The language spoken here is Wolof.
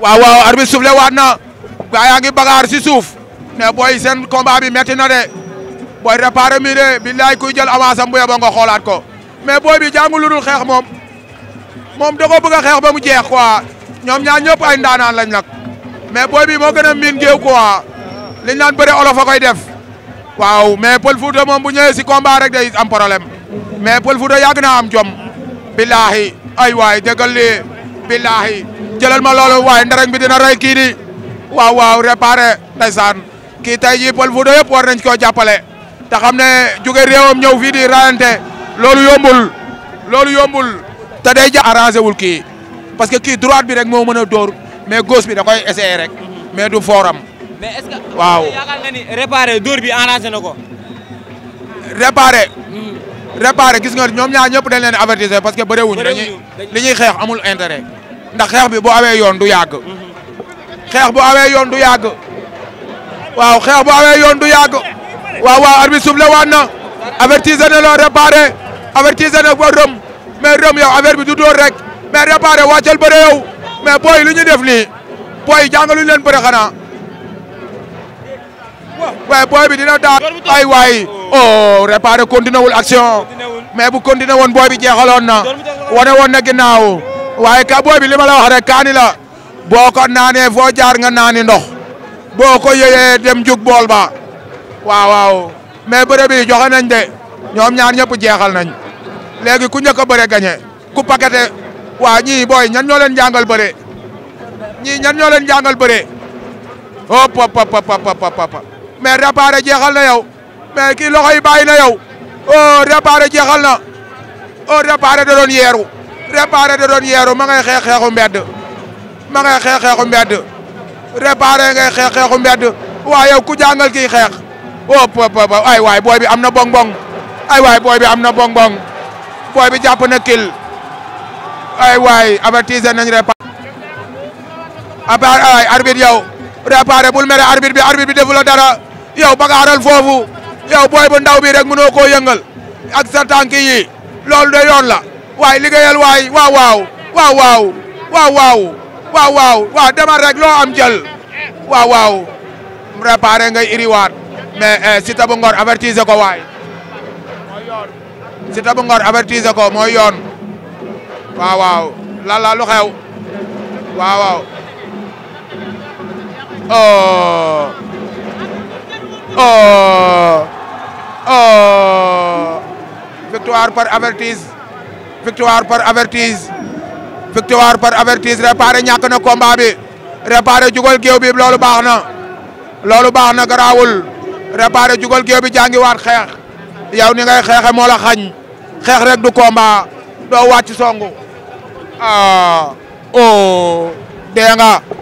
waaw waaw arbitre soufflé waat na gaa yaa ngi bagaar si suuf mais booy seen combat bi metti na de booy réparé mi de billaay kuy jël avance am bu yeboo xoolaat ko mais booy bi jàngu lu dul xeex moom moom da ko xeex ba mu jeex quoi ñoom ñaar ay ndaanaan lañ nag mais booy bi moo gën miin géew quoi liñ naan bëre olof koy def waaw mais Pël Fuuta moom bu ñëwee si rek day am problème mais Pël Fuuta yàgg am jom billahi ay waay déggal lii billahi jëlal ma loolu waaye ndereng bi dina rey kii di waaw waaw réparé ndeysaan kii tey jii Pël Fuuta yëpp war nañ koo jàppale te xam ne jóge réewam ñëw fii di rayante loolu yombul loolu yombul te day ja arrangé wul kii parce que kii droite bi rek moo mën a dóor mais gauche bi da koy rek mais du fooram mais est waaw yaakaar nga dóor bi arrangé na ko. réparé. Hmm. réparé gis nga ñoom ñaa ñëpp dañ leen avertiser parce que bëre wuñ dañuy li ñuy xeex amul intérêt. ndax xeex bi bu awee yoon du yàgg. Hmm. xeex bu awee yoon du yàgg. waaw xeex bu awee yoon du yàgg. waaw waaw arbitre soufflé waat na. avertiser na loo réparé. avertiser na ba rëm. mais rëm yow affaire bi du dóor rek. mais réparé wàccal bëre yow. mais booy lu ñu def nii. booy jàngaluñ leen bëre xanaa. waaye booy bi dina daan ay waay oh réparé continué action mais bu continué woon booy bi jeexaloon na wane woon na ginnaaw waaye ka booy bi li ma la wax kaani la boo ko naanee foo jaar nga naani ndox boo ko yëyee dem jug bool ba waaw waaw mais bëre bi joxe nañ de ñoom ñaar ñëpp jeexal nañ léegi ku njëkk a bëre gañe ku pakete waa ñii booy ñan ñoo leen jàngal bëre ñii ñan ñoo leen bëre hop hop hop hop mais réparé jeexal na yow mais kii loxo yi bàyyi na yow oh réparé jeexal na oh réparé da yeeru réparé da yeeru ma ngay xeex xeexu mbedd ma ngay xeex xeexu mbedd réparé ngay xeex xeexu mbedd waaye yow ku kii xeex oh papa ay waay booy bi am na bong-bong booy bi am na bong-bong booy bi jàpp na kil ay waay avertise ay arbitre yow réparé bul mere arbitre bi arbitre bi defu dara yow bagaaral foofu yow booy bu ndaw bi rek ak sa tànk loolu de yoon la waaye liggéeyal waay waaw waaw waaw waaw waaw waaw waaw waaw waaw demal rek loo am jël waaw waaw réparé ngay iriwaat mais eh, Siteu avertise ko waay Siteu avertise ko mooy yoon waaw waaw lan lu xew waaw waaw oh oh oh victoire par avertise victoire par avertise victoire par avertise réparé ñàkk na combat bi réparé jugal géew bi loolu baax na loolu baax na garaawul réparé jugal géew bi jàngi waat xeex yow ni ngay xeexe moo la xañ xeex rek du combat doo wàcc songu ah oh. dee nga